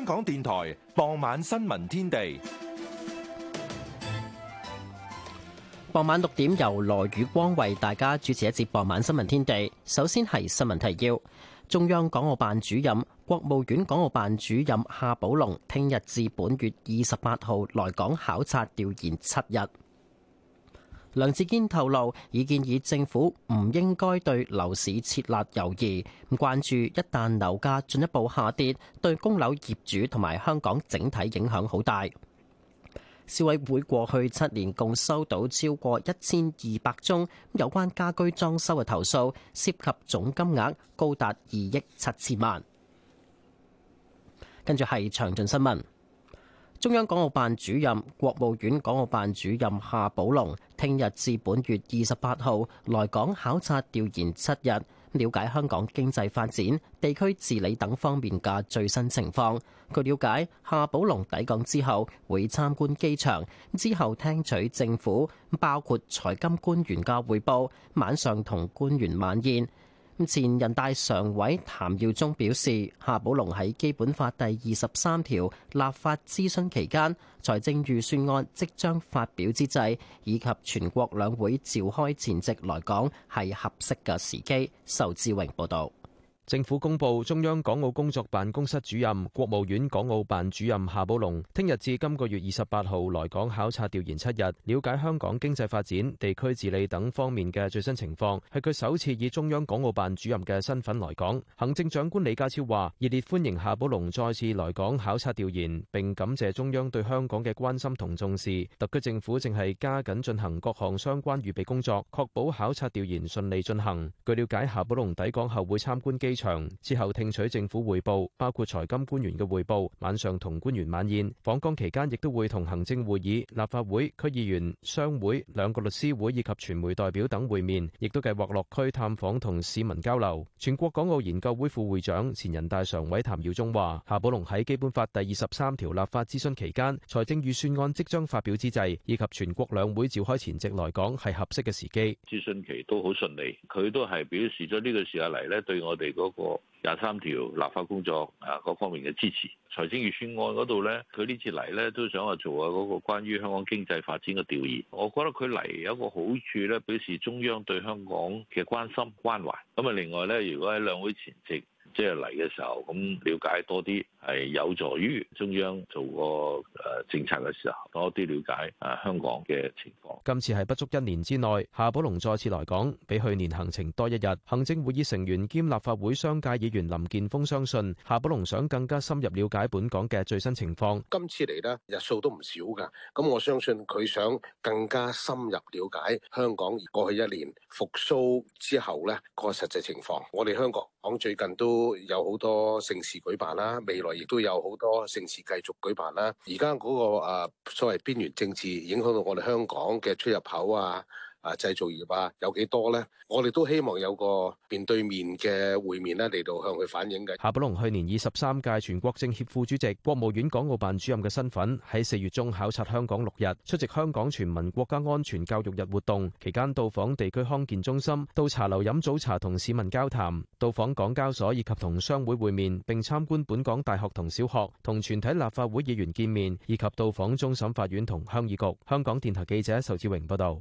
香港電台傍晚新聞天地，傍晚六點由羅宇光為大家主持一節傍晚新聞天地。首先係新聞提要，中央港澳辦主任、國務院港澳辦主任夏寶龍聽日至本月二十八號來港考察調研七日。梁志堅透露，已建議政府唔應該對樓市設立猶豫，關注一旦樓價進一步下跌，對供樓業主同埋香港整體影響好大。消委會過去七年共收到超過一千二百宗有關家居裝修嘅投訴，涉及總金額高達二億七千萬。跟住係詳盡新聞。中央港澳辦主任、國務院港澳辦主任夏寶龍聽日至本月二十八號來港考察調研七日，了解香港經濟發展、地區治理等方面嘅最新情況。據了解，夏寶龍抵港之後會參觀機場，之後聽取政府包括財金官員嘅匯報，晚上同官員晚宴。前人大常委譚耀宗表示，夏寶龍喺《基本法》第二十三條立法諮詢期間，財政預算案即將發表之際，以及全國兩會召開前夕來講來港，係合適嘅時機。仇志榮報道。政府公布，中央港澳工作辦公室主任、國務院港澳辦主任夏寶龍聽日至今個月二十八號來港考察調研七日，了解香港經濟發展、地區治理等方面嘅最新情況，係佢首次以中央港澳辦主任嘅身份來港。行政長官李家超話：熱烈歡迎夏寶龍再次來港考察調研，並感謝中央對香港嘅關心同重視。特區政府正係加緊進行各項相關預備工作，確保考察調研順利進行。據了解，夏寶龍抵港後會參觀基。之後聽取政府匯報，包括財金官員嘅匯報。晚上同官員晚宴。訪港期間亦都會同行政會議、立法會、區議員、商會、兩個律師會以及傳媒代表等會面，亦都計劃落區探訪同市民交流。全國港澳研究會副會長、前人大常委譚耀宗話，夏寶龍喺《基本法》第二十三條立法諮詢期間、財政預算案即將發表之際，以及全國兩會召開前夕來講，係合適嘅時機。諮詢期都好順利，佢都係表示咗呢個時候嚟咧，對我哋嗰。個廿三條立法工作啊，各方面嘅支持，財政預算案嗰度咧，佢呢次嚟咧都想話做下嗰個關於香港經濟發展嘅調研。我覺得佢嚟有一個好處咧，表示中央對香港嘅關心關懷。咁啊，另外咧，如果喺兩會前夕。即係嚟嘅時候，咁了解多啲係有助於中央做個誒政策嘅時候，多啲了解誒香港嘅情況。今次係不足一年之內，夏寶龍再次來港，比去年行程多一日。行政會議成員兼立法會商界議員林健鋒相信，夏寶龍想更加深入了解本港嘅最新情況。今次嚟咧，日數都唔少㗎，咁我相信佢想更加深入了解香港而過去一年復甦之後咧個實際情況。我哋香港講最近都～都有好多盛事舉辦啦，未來亦都有好多盛事繼續舉辦啦。而家嗰個、呃、所謂邊緣政治影響到我哋香港嘅出入口啊。啊！製造業啊，有幾多咧？我哋都希望有個面對面嘅會面咧，嚟到向佢反映嘅夏寶龍去年以十三屆全國政協副主席、國務院港澳辦主任嘅身份，喺四月中考察香港六日，出席香港全民國家安全教育日活動期間到訪地區康健中心，到茶樓飲早茶同市民交談到訪港交所以及同商會會面，並參觀本港大學同小學同全體立法會議員見面，以及到訪終審法院同鄉議局。香港電台記者仇志榮報道。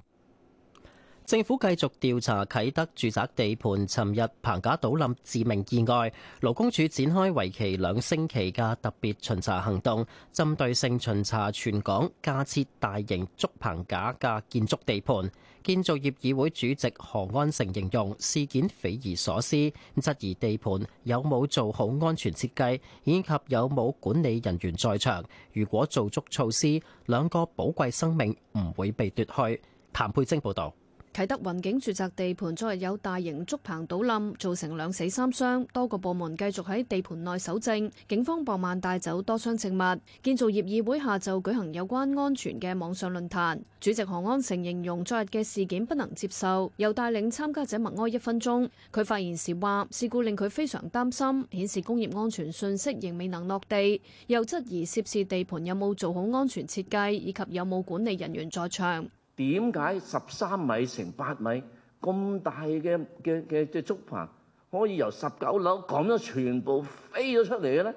政府繼續調查啟德住宅地盤尋日棚架倒冧致命意外，勞工處展開為期兩星期嘅特別巡查行動，針對性巡查全港架設大型竹棚架嘅建築地盤。建造業議會主席何安成形容事件匪夷所思，質疑地盤有冇做好安全設計，以及有冇管理人員在場。如果做足措施，兩個寶貴生命唔會被奪去。譚佩晶報導。啟德雲景住宅地盤昨日有大型竹棚倒冧，造成兩死三傷，多個部門繼續喺地盤內搜證。警方傍晚帶走多箱證物。建造業議會下晝舉行有關安全嘅網上論壇，主席何安成形容昨日嘅事件不能接受，又帶領參加者默哀一分鐘。佢發言時話，事故令佢非常擔心，顯示工業安全信息仍未能落地，又質疑涉事地盤有冇做好安全設計，以及有冇管理人員在場。點解十三米乘八米咁大嘅嘅嘅嘅竹棚可以由十九樓咁樣全部飛咗出嚟嘅咧？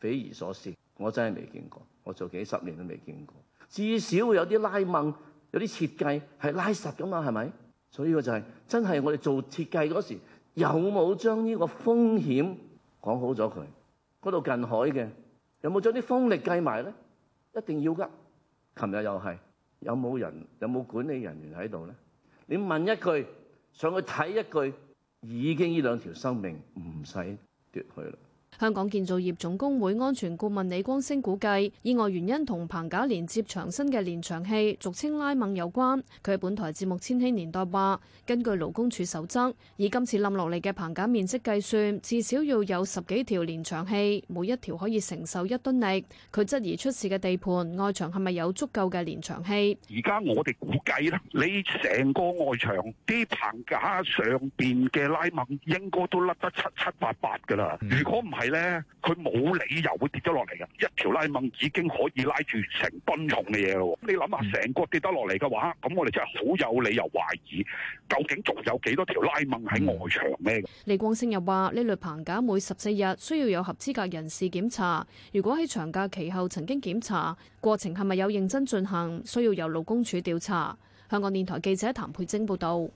匪夷所思，我真係未見過。我做幾十年都未見過。至少會有啲拉問，有啲設計係拉實㗎嘛，係咪？所以個就係真係我哋做設計嗰時有冇將呢個風險講好咗佢？嗰度近海嘅有冇將啲風力計埋咧？一定要噶。琴日又係。有冇人？有冇管理人員喺度咧？你問一句，上去睇一句，已經呢兩條生命唔使奪去啦。香港建造業總工會安全顧問李光星估計，意外原因同棚架連接牆身嘅連牆器，俗稱拉猛有關。佢喺本台節目《千禧年代》話，根據勞工處守則，以今次冧落嚟嘅棚架面積計算，至少要有十幾條連牆器，每一條可以承受一噸力。佢質疑出事嘅地盤外牆係咪有足夠嘅連牆器？而家我哋估計啦，你成個外牆啲棚架上邊嘅拉猛應該都甩得七七八八㗎啦。如果唔係，係咧，佢冇理由會跌咗落嚟嘅。一條拉掹已經可以拉住成噸重嘅嘢咯。你諗下，成個跌得落嚟嘅話，咁我哋真係好有理由懷疑，究竟仲有幾多條拉掹喺外牆咩，嗯？李光盛又話：呢類棚架每十四日需要有合資格人士檢查。如果喺長假期後曾經檢查過程係咪有認真進行，需要由勞工處調查。香港電台記者譚佩晶報導。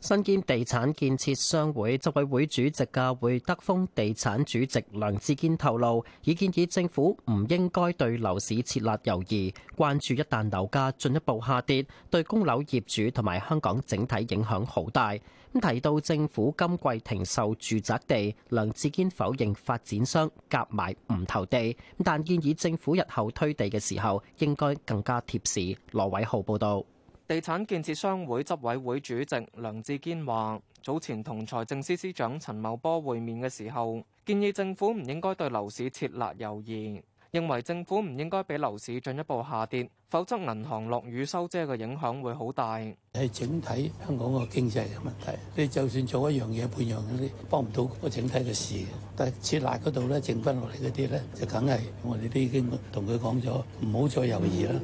身兼地產建設商會執委會主席嘅會德豐地產主席梁志堅透露，已建議政府唔應該對樓市設立猶疑，關注一旦樓價進一步下跌，對供樓業主同埋香港整體影響好大。咁提到政府今季停售住宅地，梁志堅否認發展商夾埋唔投地，但建議政府日後推地嘅時候應該更加貼市。羅偉浩報導。地產建設商會執委會主席梁志堅話，早前同財政司司長陳茂波會面嘅時候，建議政府唔應該對樓市撤辣猶疑，認為政府唔應該俾樓市進一步下跌，否則銀行落雨收遮嘅影響會好大，係整體香港個經濟嘅問題，你就算做一樣嘢，半樣嘢幫唔到個整體嘅事。但係撤辣嗰度咧，剩翻落嚟嗰啲咧，就梗係我哋都已經同佢講咗，唔好再猶豫啦。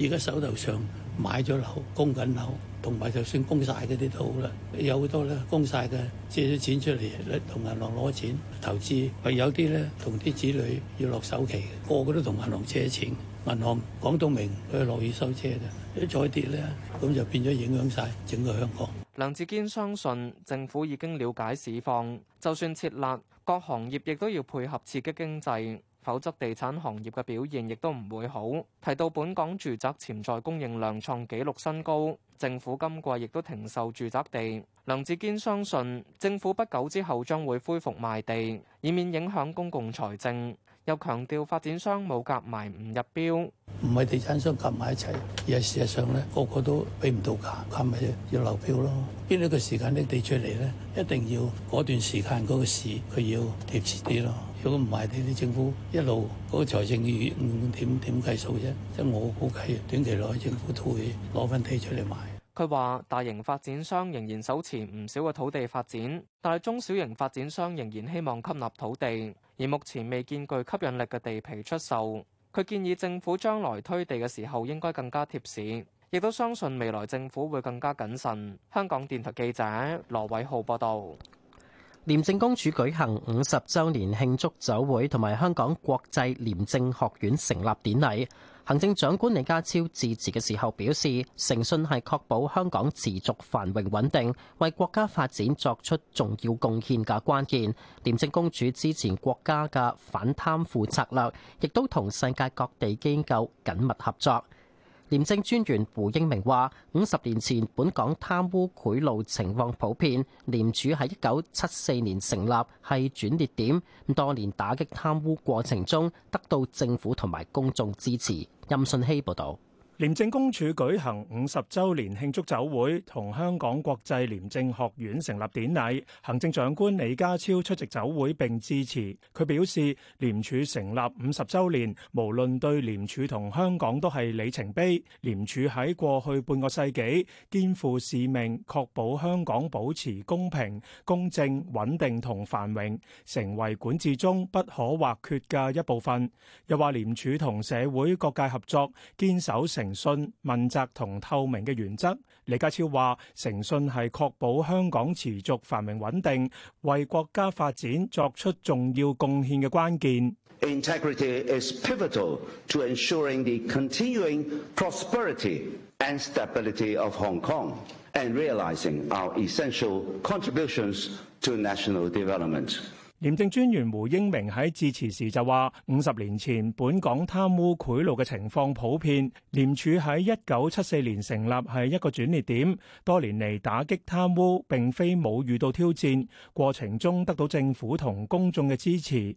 而家、嗯、手頭上。買咗樓供緊樓，同埋就算供晒嗰啲都好啦。有好多咧供晒嘅，借咗錢出嚟，咧同銀行攞錢投資。唯有啲咧同啲子女要落首期，個個都同銀行借錢。銀行講到明，佢落雨收車嘅。一再跌咧，咁就變咗影響晒整個香港。梁志堅相信政府已經了解市況，就算設立各行業，亦都要配合刺激經濟。否則，地產行業嘅表現亦都唔會好。提到本港住宅潛在供應量創紀錄新高，政府今季亦都停售住宅地。梁志堅相信政府不久之後將會恢復賣地，以免影響公共財政。又強調發展商冇夾埋唔入標，唔係地產商夾埋一齊，而係事實上呢個個都俾唔到價，係咪要流標咯？邊一個時間搦地出嚟呢？一定要嗰段時間嗰個市佢要貼切啲咯。如果唔係呢啲政府一路嗰、嗰個財政預預點點計數啫。即係我估計，短期內政府都會攞翻地出嚟賣。佢話：大型發展商仍然手持唔少嘅土地發展，但係中小型發展商仍然希望吸納土地，而目前未見具吸引力嘅地皮出售。佢建議政府將來推地嘅時候應該更加貼市，亦都相信未來政府會更加謹慎。香港電台記者羅偉浩報道。廉政公署舉行五十周年慶祝酒會，同埋香港國際廉政學院成立典禮。行政長官李家超致辭嘅時候表示，誠信係確保香港持續繁榮穩定、為國家發展作出重要貢獻嘅關鍵。廉政公署支持國家嘅反貪腐策略，亦都同世界各地機構緊密合作。廉政專員胡英明話，五十年前，本港貪污賄賂情況普遍。廉署喺一九七四年成立，係轉捩點。咁多年打擊貪污過程中，得到政府同埋公眾支持。任信希報導。廉政公署舉行五十周年慶祝酒會，同香港國際廉政學院成立典禮，行政長官李家超出席酒會並致辭。佢表示，廉署成立五十周年，無論對廉署同香港都係里程碑。廉署喺過去半個世紀肩負使命，確保香港保持公平、公正、穩定同繁榮，成為管治中不可或缺嘅一部分。又話廉署同社會各界合作，堅守成。誠信、問責同透明嘅原則，李家超話：誠信係確保香港持續繁榮穩定、為國家發展作出重要貢獻嘅關鍵。廉政專員胡英明喺致辭時就話：五十年前，本港貪污賄賂嘅情況普遍，廉署喺一九七四年成立係一個轉折點。多年嚟打擊貪污，並非冇遇到挑戰，過程中得到政府同公眾嘅支持。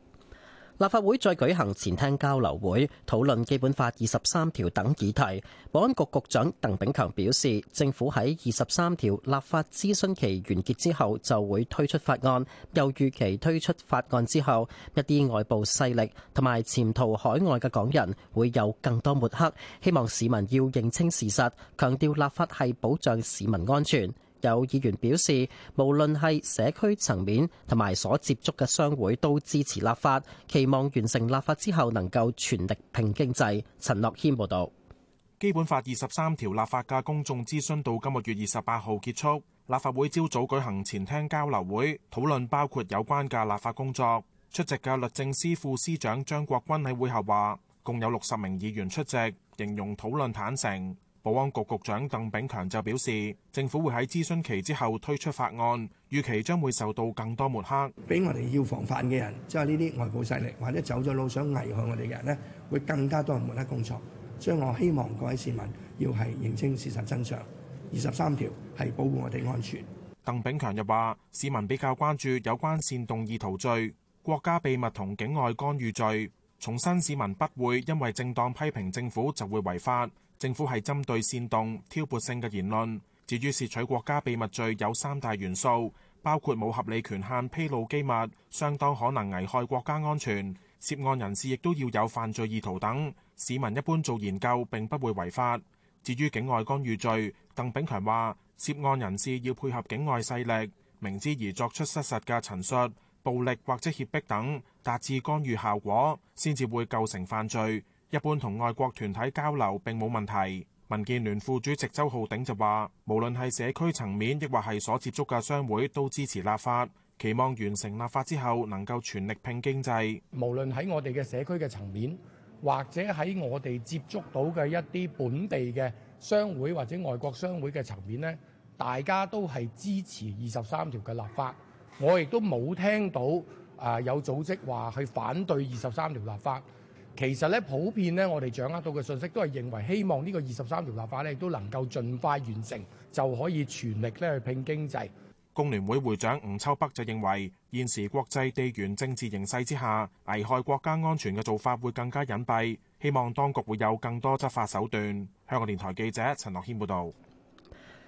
立法會再舉行前廳交流會，討論《基本法》二十三條等議題。保安局局長鄧炳強表示，政府喺二十三條立法諮詢期完結之後就會推出法案，又預期推出法案之後，一啲外部勢力同埋潛逃海外嘅港人會有更多抹黑。希望市民要認清事實，強調立法係保障市民安全。有議員表示，無論係社區層面同埋所接觸嘅商會都支持立法，期望完成立法之後能夠全力拼經濟。陳樂謙報導，《基本法》二十三條立法嘅公眾諮詢到今個月二十八號結束，立法會朝早舉行前廳交流會，討論包括有關嘅立法工作。出席嘅律政司副司長張國鈞喺會後話，共有六十名議員出席，形容討論坦誠。保安局局長鄧炳強就表示，政府會喺諮詢期之後推出法案，預期將會受到更多抹黑，俾我哋要防範嘅人，即係呢啲外部勢力或者走咗路想危害我哋嘅人咧，會更加多人抹黑工作。所以我希望各位市民要係認清事實真相。二十三條係保護我哋安全。鄧炳強又話，市民比較關注有關煽動意圖罪、國家秘密同境外干預罪，重申市民不會因為正當批評政府就會違法。政府係針對煽動挑撥性嘅言論。至於竊取國家秘密罪，有三大元素，包括冇合理權限披露機密，相當可能危害國家安全。涉案人士亦都要有犯罪意圖等。市民一般做研究並不會違法。至於境外干預罪，鄧炳強話，涉案人士要配合境外勢力，明知而作出失實嘅陳述、暴力或者脅迫等，達至干預效果，先至會構成犯罪。一般同外國團體交流，並冇問題。民建聯副主席周浩鼎就話，無論係社區層面，亦或係所接觸嘅商會，都支持立法，期望完成立法之後能夠全力拼經濟。無論喺我哋嘅社區嘅層面，或者喺我哋接觸到嘅一啲本地嘅商會或者外國商會嘅層面呢，大家都係支持二十三條嘅立法。我亦都冇聽到啊有組織話去反對二十三條立法。其實咧，普遍咧，我哋掌握到嘅信息都係認為，希望呢個二十三條立法咧，都能夠盡快完成，就可以全力咧去拼經濟。工聯會會長吳秋北就認為，現時國際地緣政治形勢之下，危害國家安全嘅做法會更加隱蔽，希望當局會有更多執法手段。香港電台記者陳樂軒報導。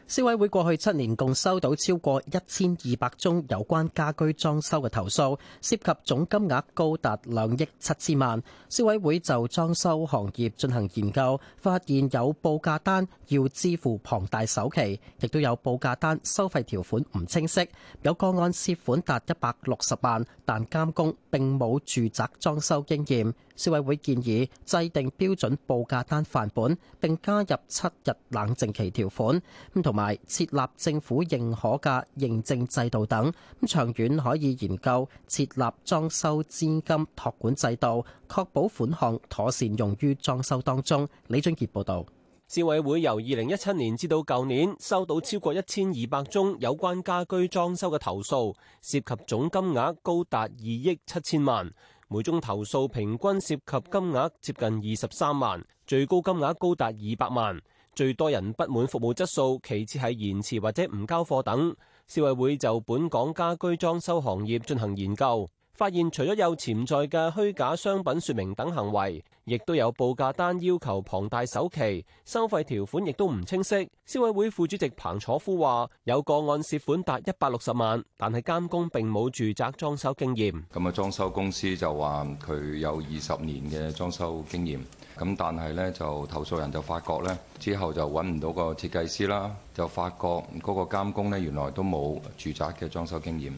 消委會過去七年共收到超過一千二百宗有關家居裝修嘅投訴，涉及總金額高達兩億七千萬，消委會就裝修行業進行研究，發現有報價單要支付龐大首期，亦都有報價單收費條款唔清晰。有個案涉款達一百六十萬，但監工並冇住宅裝修經驗，消委會建議制定標準報價單範本，並加入七日冷靜期條款。唔同同埋設立政府認可嘅認證制度等，咁長遠可以研究設立裝修資金託管制度，確保款項妥善用於裝修當中。李俊傑報導，消委會由二零一七年至到舊年收到超過一千二百宗有關家居裝修嘅投訴，涉及總金額高達二億七千萬，每宗投訴平均涉及金額接近二十三萬，最高金額高達二百萬。最多人不滿服務質素，其次係延遲或者唔交貨等。消委會就本港家居裝修行業進行研究，發現除咗有潛在嘅虛假商品説明等行為，亦都有報價單要求龐大首期，收費條款亦都唔清晰。消委會副主席彭楚夫話，有個案涉款達一百六十萬，但係監工並冇住宅裝修經驗。咁啊，裝修公司就話佢有二十年嘅裝修經驗。咁但係咧就投訴人就發覺咧，之後就揾唔到個設計師啦，就發覺嗰個監工咧原來都冇住宅嘅裝修經驗，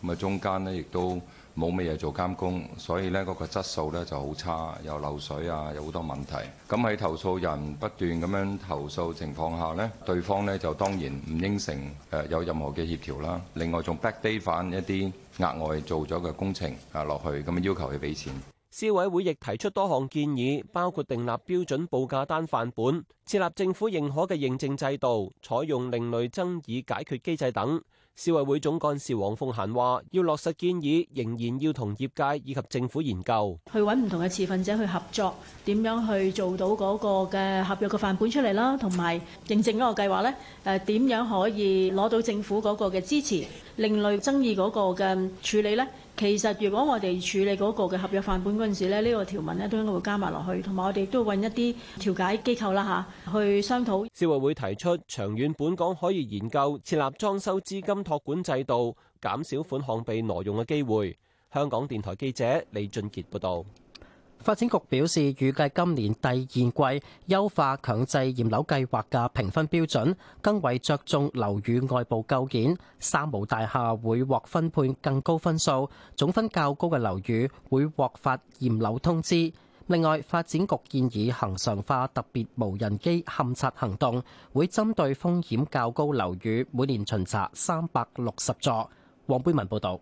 咁啊中間咧亦都冇咩嘢做監工，所以咧嗰個質素咧就好差，又漏水啊，有好多問題。咁喺投訴人不斷咁樣投訴情況下咧，對方咧就當然唔應承誒有任何嘅協調啦。另外仲 backdate 返一啲額外做咗嘅工程啊落去，咁要求佢俾錢。消委會，會亦提出多項建議，包括訂立標準報價單範本、設立政府認可嘅認證制度、採用另類爭議解決機制等。消委會，會總幹事黃鳳嫻話：，要落實建議，仍然要同業界以及政府研究，去搵唔同嘅持份者去合作，點樣去做到嗰個嘅合約嘅範本出嚟啦，同埋認證嗰個計劃咧，誒，點樣可以攞到政府嗰個嘅支持，另類爭議嗰個嘅處理咧。其實，如果我哋處理嗰個嘅合約範本嗰陣時咧，呢個條文呢都應該會加埋落去，同埋我哋都揾一啲調解機構啦吓，去商討。消委會提出，長遠本港可以研究設立裝修資金託管制度，減少款項被挪用嘅機會。香港電台記者李俊傑報道。發展局表示預計今年第二季優化強制驗樓計劃嘅評分標準，更為着重樓宇外部構件，三無大廈會獲分配更高分數，總分較高嘅樓宇會獲發驗樓通知。另外，發展局建議恆常化特別無人機勘查行動，會針對風險較高樓宇，每年巡查三百六十座。黃貝文報道。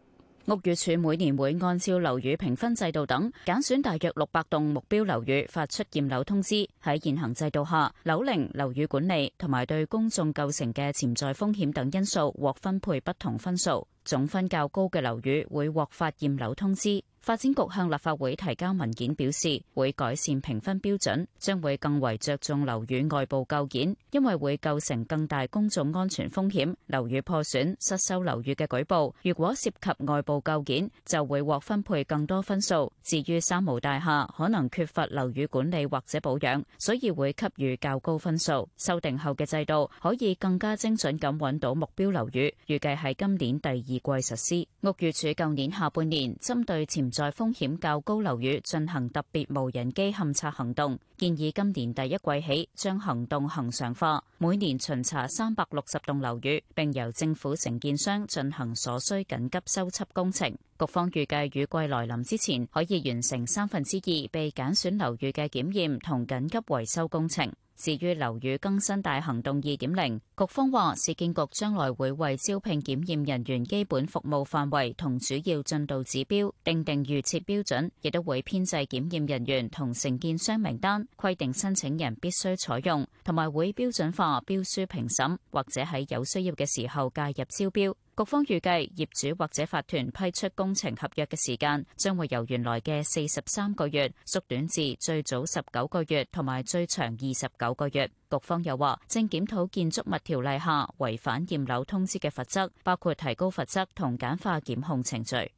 屋宇署每年會按照樓宇評分制度等，揀選大約六百棟目標樓宇，發出驗樓通知。喺現行制度下，樓齡、樓宇管理同埋對公眾構成嘅潛在風險等因素，獲分配不同分數。總分較高嘅樓宇會獲發驗樓通知。發展局向立法會提交文件表示，會改善評分標準，將會更為着重樓宇外部構件，因為會構成更大公眾安全風險。樓宇破損、失修樓宇嘅舉報，如果涉及外部構件，就會獲分配更多分數。至於三無大廈，可能缺乏樓宇管理或者保養，所以會給予較高分數。修訂後嘅制度可以更加精準咁搵到目標樓宇，預計喺今年第二季實施。屋宇署舊年下半年針對潛在風險較高樓宇進行特別無人機勘測行動，建議今年第一季起將行動恆常化，每年巡查三百六十棟樓宇，並由政府承建商進行所需緊急修葺工程。局方預計雨季來臨之前，可以完成三分之二被揀選樓宇嘅檢驗同緊急維修工程。至於樓宇更新大行動二點零，局方話市建局將來會為招聘檢驗人員基本服務範圍同主要進度指標訂定預設標準，亦都會編制檢驗人員同承建商名單，規定申請人必須採用，同埋會標準化標書評審，或者喺有需要嘅時候介入招標。局方預計業主或者法團批出工程合約嘅時間，將會由原來嘅四十三個月縮短至最早十九個月，同埋最長二十九個月。局方又話，正檢討建築物條例下違反驗樓通知嘅罰則，包括提高罰則同簡化檢控程序。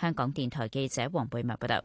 香港電台記者黃貝文報道。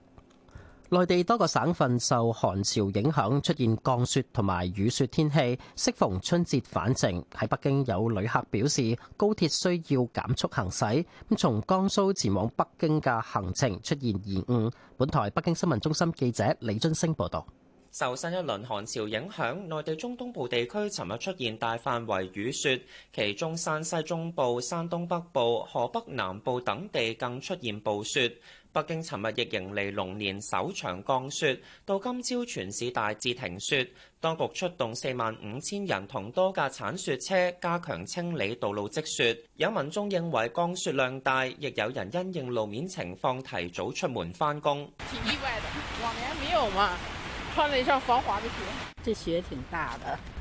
內地多個省份受寒潮影響，出現降雪同埋雨雪天氣。適逢春節返程，喺北京有旅客表示，高鐵需要減速行駛，咁從江蘇前往北京嘅行程出現延誤。本台北京新聞中心記者李津星報道：「受新一輪寒潮影響，內地中東部地區尋日出現大範圍雨雪，其中山西中部、山東北部、河北南部等地更出現暴雪。北京尋日亦迎嚟龍年首場降雪，到今朝全市大致停雪。當局出動四萬五千人同多架鏟雪車加強清理道路積雪。有民眾認為降雪量大，亦有人因應路面情況提早出門返工。挺意外的，往年沒有嘛，穿了一雙防滑的鞋。這雪挺大的。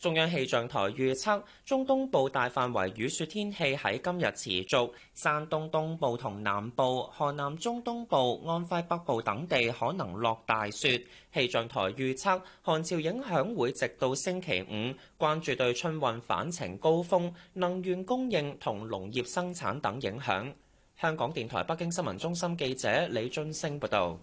中央氣象台預測，中東部大範圍雨雪天氣喺今日持續。山東東部同南部、河南中東部、安徽北部等地可能落大雪。氣象台預測，寒潮影響會直到星期五，關注對春運返程高峰、能源供應同農業生產等影響。香港電台北京新聞中心記者李俊升報道。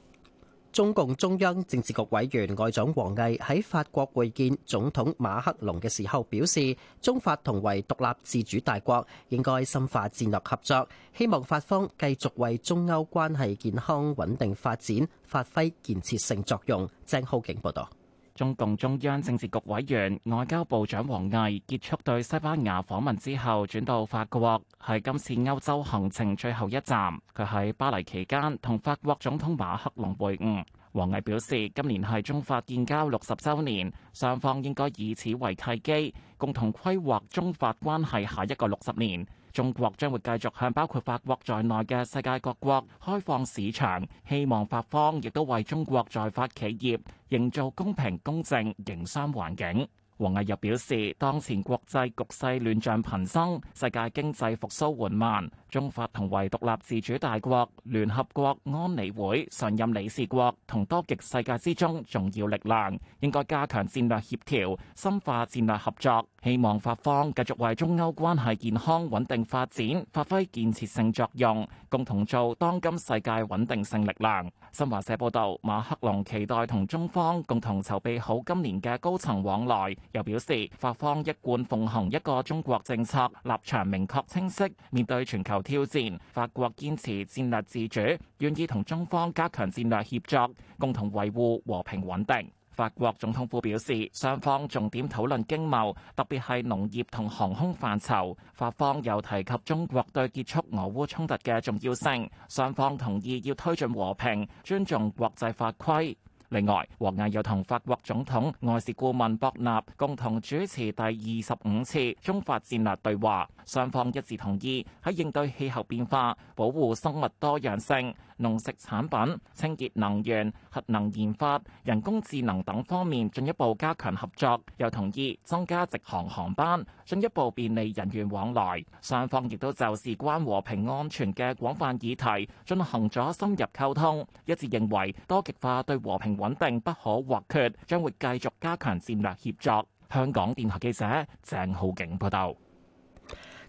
中共中央政治局委員外長王毅喺法國會見總統馬克龍嘅時候表示，中法同為獨立自主大國應該深化戰略合作，希望法方繼續為中歐關係健康穩定發展發揮建設性作用。鄭浩景報道。中共中央政治局委員外交部長王毅結束對西班牙訪問之後轉到法國，係今次歐洲行程最後一站。佢喺巴黎期間同法國總統馬克龍會晤。王毅表示，今年係中法建交六十周年，雙方應該以此為契機，共同規劃中法關係下一個六十年。中國將會繼續向包括法國在內嘅世界各國開放市場，希望法方亦都為中國在法企業營造公平公正營商環境。王毅又表示，當前國際局勢亂象頻生，世界經濟復蘇緩慢。中法同為獨立自主大國、聯合國安理會常任理事國同多極世界之中重要力量，應該加強戰略協調，深化戰略合作。希望法方繼續為中歐關係健康穩定發展發揮建設性作用，共同做當今世界穩定性力量。新華社報道，馬克龍期待同中方共同籌備好今年嘅高層往來，又表示法方一貫奉行一個中國政策，立場明確清晰，面對全球。挑戰，法國堅持戰略自主，願意同中方加強戰略協作，共同維護和平穩定。法國總統府表示，雙方重點討論經貿，特別係農業同航空範疇。法方又提及中國對結束俄烏衝突嘅重要性，雙方同意要推進和平，尊重國際法規。另外，王毅又同法國總統外事顧問博納共同主持第二十五次中法戰略對話，雙方一致同意喺應對氣候變化、保護生物多樣性、農食產品、清潔能源、核能研發、人工智能等方面進一步加強合作，又同意增加直航航班，進一步便利人員往來，雙方亦都就事關和平安全嘅廣泛議題進行咗深入溝通，一致認為多極化對和平穩定不可或缺，將會繼續加強戰略協作。香港電台記者鄭浩景報道：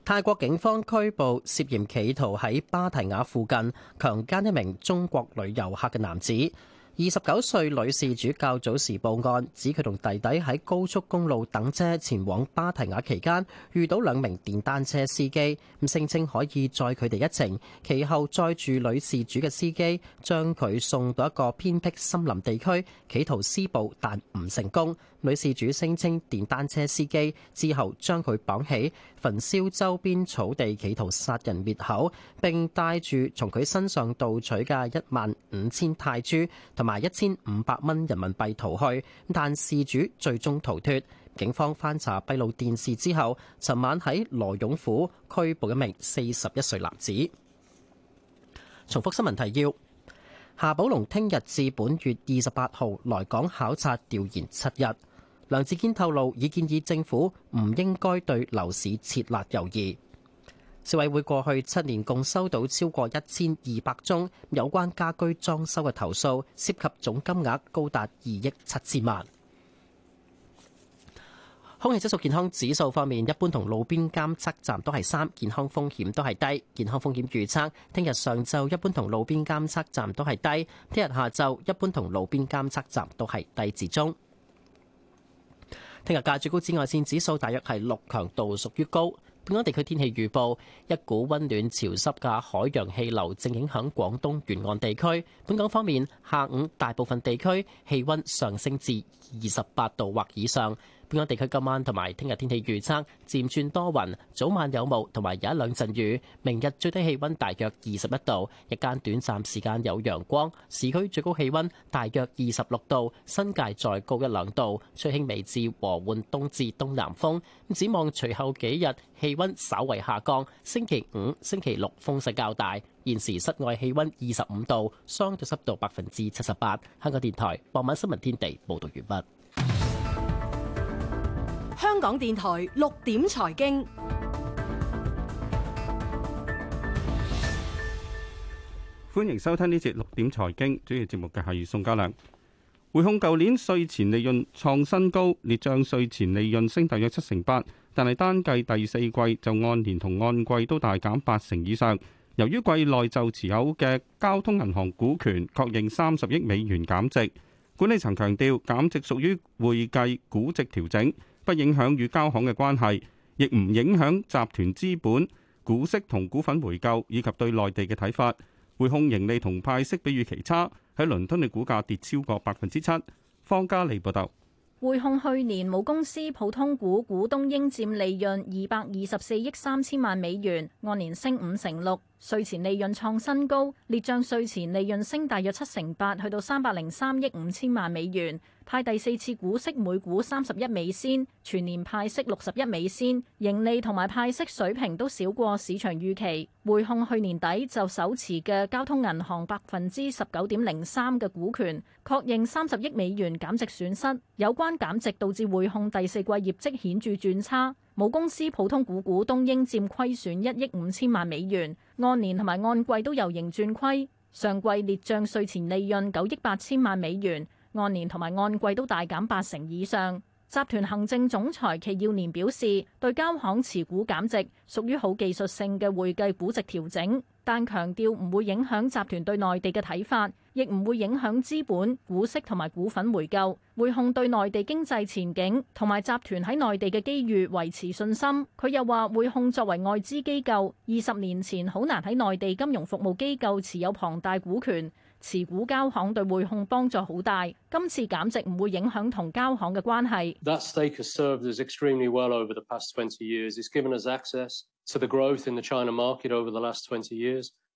泰國警方拘捕涉嫌企圖喺芭提雅附近強姦一名中國旅遊客嘅男子。二十九歲女事主較早時報案，指佢同弟弟喺高速公路等車前往芭提雅期間，遇到兩名電單車司機，咁聲稱可以載佢哋一程。其後載住女事主嘅司機將佢送到一個偏僻森林地區，企圖施暴但唔成功。女事主聲稱電單車司機之後將佢綁起，焚燒周邊草地，企圖殺人滅口，並帶住從佢身上盜取嘅一萬五千泰銖同埋。埋一千五百蚊人民幣逃去，但事主最終逃脱。警方翻查閉路電視之後，尋晚喺羅涌府拘捕一名四十一歲男子。重複新聞提要：夏寶龍聽日至本月二十八號來港考察調研七日。梁志堅透露，已建議政府唔應該對樓市設立猶豫。消委會過去七年共收到超過一千二百宗有關家居裝修嘅投訴，涉及總金額高達二億七千萬。空氣質素健康指數方面，一般同路邊監測站都係三，健康風險都係低。健康風險預測，聽日上晝一般同路邊監測站都係低，聽日下晝一般同路邊監測站都係低至中。聽日嘅最高紫外線指數大約係六，強度屬於高。本港地區天氣預報：一股溫暖潮濕嘅海洋氣流正影響廣東沿岸地區。本港方面，下午大部分地區氣溫上升至二十八度或以上。本港地區今晚同埋聽日天氣預測，漸轉多雲，早晚有霧，同埋有一兩陣雨。明日最低氣溫大約二十一度，日間短暫時間有陽光。市區最高氣溫大約二十六度，新界再高一兩度。吹輕微至和緩東至東南風，展望隨後幾日氣溫稍為下降。星期五、星期六風勢較大。現時室外氣溫二十五度，相對濕度百分之七十八。香港電台傍晚新聞天地報道完畢。香港電台六點財經，歡迎收聽呢節六點財經。主持節目嘅係宋家良。匯控舊年稅前利潤創新高，列賬稅前利潤升大約七成八，但係單計第四季就按年同按季都大減八成以上。由於季內就持有嘅交通銀行股權確認三十億美元減值，管理層強調減值屬於會計估值調整。不影響與交行嘅關係，亦唔影響集團資本股息同股份回購，以及對內地嘅睇法。匯控盈利同派息比預期差，喺倫敦嘅股價跌超過百分之七。方嘉利報道，匯控去年母公司普通股股東應佔利潤二百二十四億三千萬美元，按年升五成六。稅前利潤創新高，列賬稅前利潤升大約七成八，去到三百零三億五千萬美元，派第四次股息每股三十一美仙，全年派息六十一美仙，盈利同埋派息水平都少過市場預期。匯控去年底就手持嘅交通銀行百分之十九點零三嘅股權，確認三十億美元減值損失，有關減值導致匯控第四季業績顯著轉差。母公司普通股股東應佔虧損一億五千萬美元，按年同埋按季都由盈轉虧。上季列賬稅前利潤九億八千萬美元，按年同埋按季都大減八成以上。集團行政總裁祁耀年表示，對交行持股減值屬於好技術性嘅會計估值調整，但強調唔會影響集團對內地嘅睇法。亦唔會影響資本、股息同埋股份回購。匯控對內地經濟前景同埋集團喺內地嘅機遇維持信心。佢又話：匯控作為外資機構，二十年前好難喺內地金融服務機構持有龐大股權。持股交行對匯控幫助好大。今次減值唔會影響同交行嘅關係。That stake has served us extremely well over the past 20 years. It's given us access to the growth in the China market over the last 20 years.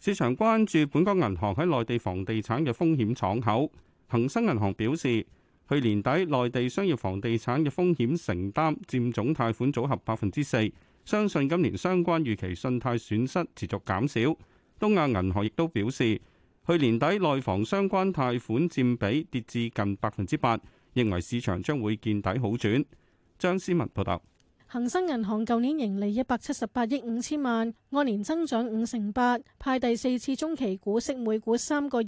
市場關注本港銀行喺內地房地產嘅風險敞口。恒生銀行表示，去年底內地商業房地產嘅風險承擔佔總貸款組合百分之四，相信今年相關預期信貸損失持續減少。東亞銀行亦都表示，去年底內房相關貸款佔比跌至近百分之八，認為市場將會見底好轉。張思文報道。恒生銀行舊年盈利一百七十八億五千萬，按年增長五成八，派第四次中期股息每股三個二。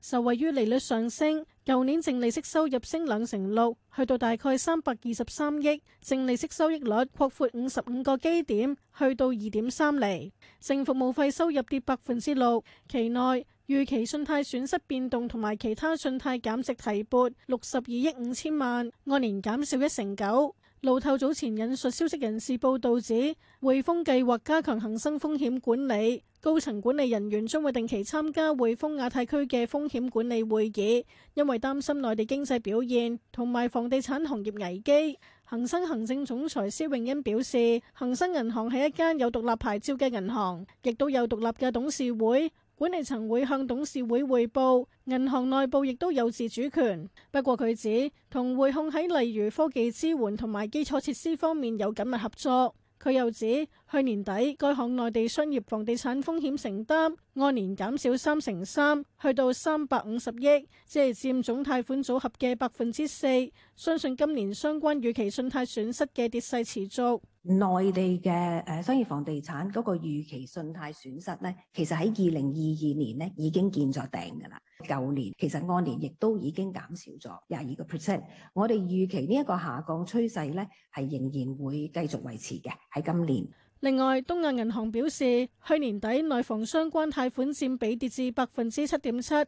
受惠於利率上升，舊年淨利息收入升兩成六，去到大概三百二十三億，淨利息收益率擴闊五十五個基點，去到二點三厘。淨服務費收入跌百分之六，期內預期信貸損失變動同埋其他信貸減值提撥六十二億五千萬，按年減少一成九。路透早前引述消息人士報道指，匯豐計劃加強恒生風險管理，高層管理人員將會定期參加匯豐亞太區嘅風險管理會議，因為擔心內地經濟表現同埋房地產行業危機。恒生行政總裁施永恩表示，恒生銀行係一間有獨立牌照嘅銀行，亦都有獨立嘅董事會。管理層會向董事會匯報，銀行內部亦都有自主權。不過佢指，同匯控喺例如科技支援同埋基礎設施方面有緊密合作。佢又指，去年底該行內地商業房地產風險承擔按年減少三成三，去到三百五十億，即係佔總貸款組合嘅百分之四。相信今年相關預期信貸損失嘅跌勢持續。內地嘅誒商業房地產嗰個預期信貸損失咧，其實喺二零二二年咧已經見咗頂㗎啦。舊年其實按年亦都已經減少咗廿二個 percent。我哋預期呢一個下降趨勢咧，係仍然會繼續維持嘅，喺今年。另外，東亞銀行表示，去年底內房相關貸款占比跌至百分之七點七，風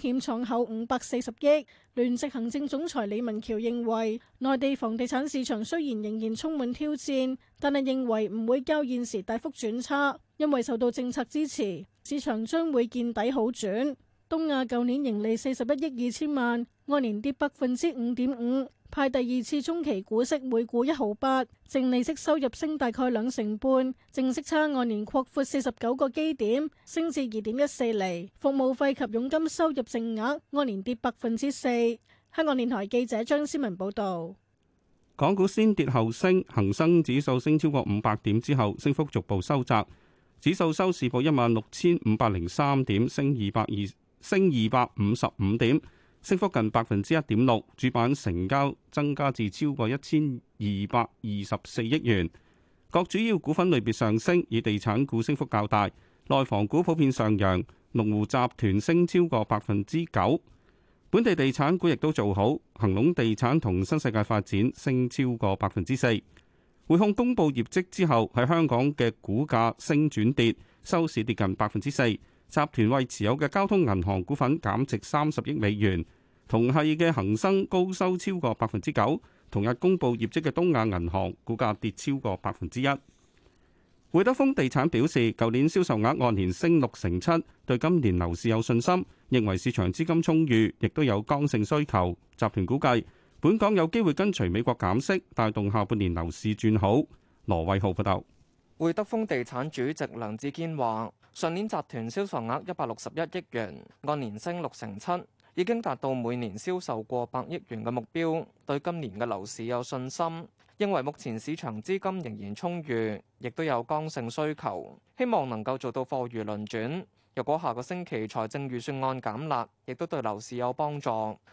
險敞口五百四十億。聯席行政總裁李文橋認為，內地房地產市場雖然仍然充滿挑戰，但係認為唔會較現時大幅轉差，因為受到政策支持，市場將會見底好轉。東亞舊年盈利四十一億二千萬，按年跌百分之五點五。派第二次中期股息每股一毫八，淨利息收入升大概兩成半，淨息差按年擴闊四十九個基點，升至二點一四厘。服務費及佣金收入淨額按年跌百分之四。香港電台記者張思文報道。港股先跌後升，恒生指數升超過五百點之後，升幅逐步收窄。指數收市報一萬六千五百零三點，升二百二升二百五十五點。升幅近百分之一點六，主板成交增加至超過一千二百二十四億元。各主要股份類別上升，以地產股升幅較大，內房股普遍上揚，龍湖集團升超過百分之九。本地地產股亦都做好，恒隆地產同新世界發展升超過百分之四。匯控公佈業績之後，喺香港嘅股價升轉跌，收市跌近百分之四。集團為持有嘅交通銀行股份減值三十億美元，同系嘅恒生高收超過百分之九。同日公布業績嘅東亞銀行股價跌超過百分之一。會德豐地產表示，舊年銷售額按年升六成七，對今年樓市有信心，認為市場資金充裕，亦都有剛性需求。集團估計，本港有機會跟隨美國減息，帶動下半年樓市轉好。羅偉浩報道。會德豐地產主席梁志堅話。上年集團銷售額一百六十一億元，按年升六成七，已經達到每年銷售過百億元嘅目標。對今年嘅樓市有信心，認為目前市場資金仍然充裕，亦都有剛性需求，希望能夠做到貨如輪轉。若果下個星期財政預算案減辣，亦都對樓市有幫助。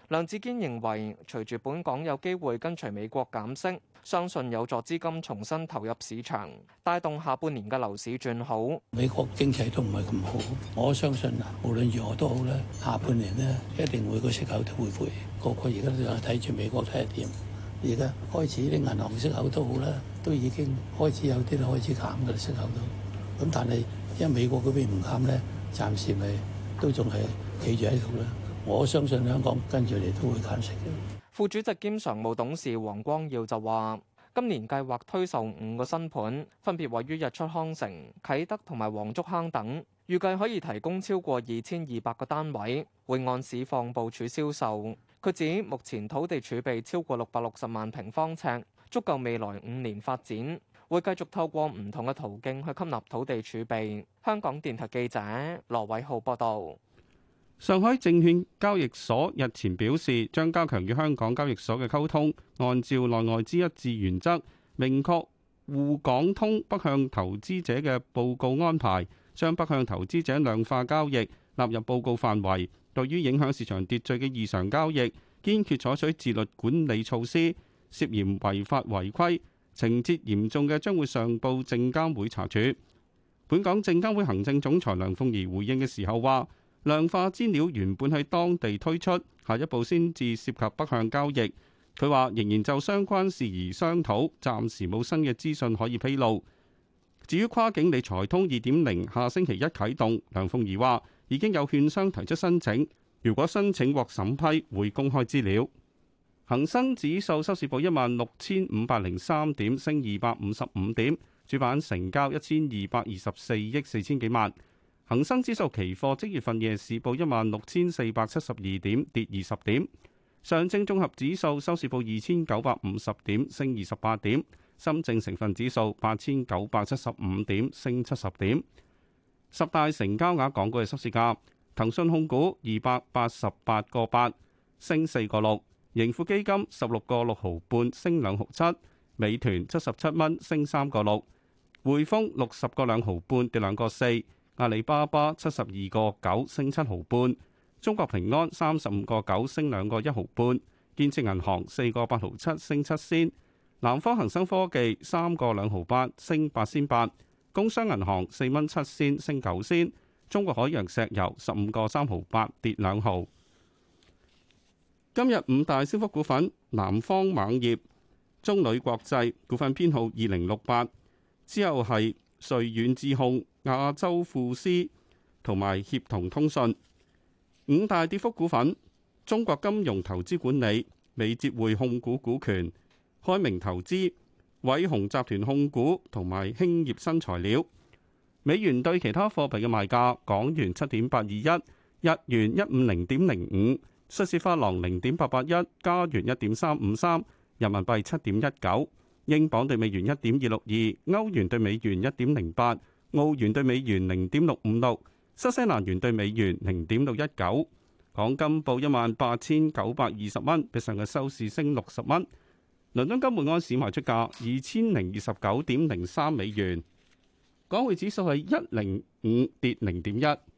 梁志堅認為，隨住本港有機會跟隨美國減息，相信有助資金重新投入市場，帶動下半年嘅樓市轉好。美國經濟都唔係咁好，我相信啊，無論如何都好咧，下半年呢，一定會個息口都會回。個個而家都睇住美國睇下點。而家開始啲銀行息口都好啦，都已經開始有啲咧開始減㗎啦，息口都。咁但係因為美國嗰邊唔減咧。暫時咪都仲係企住喺度咧，我相信香港跟住嚟都會減息嘅。副主席兼常務董事黃光耀就話，今年計劃推售五個新盤，分別位於日出康城、啟德同埋黃竹坑等，預計可以提供超過二千二百個單位，會按市況部署銷售。佢指目前土地儲備超過六百六十萬平方尺，足夠未來五年發展。會繼續透過唔同嘅途徑去吸納土地儲備。香港電台記者羅偉浩報道。上海證券交易所日前表示，將加強與香港交易所嘅溝通，按照內外資一致原則，明確滬港通北向投資者嘅報告安排，將北向投資者量化交易納入報告範圍。對於影響市場秩序嘅異常交易，堅決採取自律管理措施，涉嫌違法違規。情節嚴重嘅將會上報證監會查處。本港證監會行政總裁梁鳳儀回應嘅時候話，量化資料原本喺當地推出，下一步先至涉及北向交易。佢話仍然就相關事宜商討，暫時冇新嘅資訊可以披露。至於跨境理財通2.0下星期一啟動，梁鳳儀話已經有券商提出申請，如果申請獲審批，會公開資料。恒生指數收市報一萬六千五百零三點，升二百五十五點。主板成交一千二百二十四億四千幾萬。恒生指數期貨即月份夜市報一萬六千四百七十二點，跌二十點。上證綜合指數收市報二千九百五十點，升二十八點。深證成分指數八千九百七十五點，升七十點。十大成交額港股嘅收市價，騰訊控股二百八十八個八，升四個六。盈富基金十六個六毫半升兩毫七，美團七十七蚊升三個六，匯豐六十個兩毫半跌兩個四，阿里巴巴七十二個九升七毫半，中國平安三十五個九升兩個一毫半，建設銀行四個八毫七升七仙，南方恒生科技三個兩毫八升八仙八，工商銀行四蚊七仙升九仙，中國海洋石油十五個三毫八跌兩毫。今日五大升幅股份：南方錳業、中鋁國際股份編號二零六八，之後係瑞遠智控、亞洲富思同埋協同通訊。五大跌幅股份：中國金融投資管理、美捷匯控股股權、開明投資、偉宏集團控股同埋興業新材料。美元對其他貨幣嘅賣價：港元七點八二一，日元一五零點零五。瑞士法郎零點八八一，加元一點三五三，人民幣七點一九，英鎊對美元一點二六二，歐元對美元一點零八，澳元對美元零點六五六，新西蘭元對美元零點六一九。港金報一萬八千九百二十蚊，比上日收市升六十蚊。倫敦金每盎司賣出價二千零二十九點零三美元。港匯指數係一零五，跌零點一。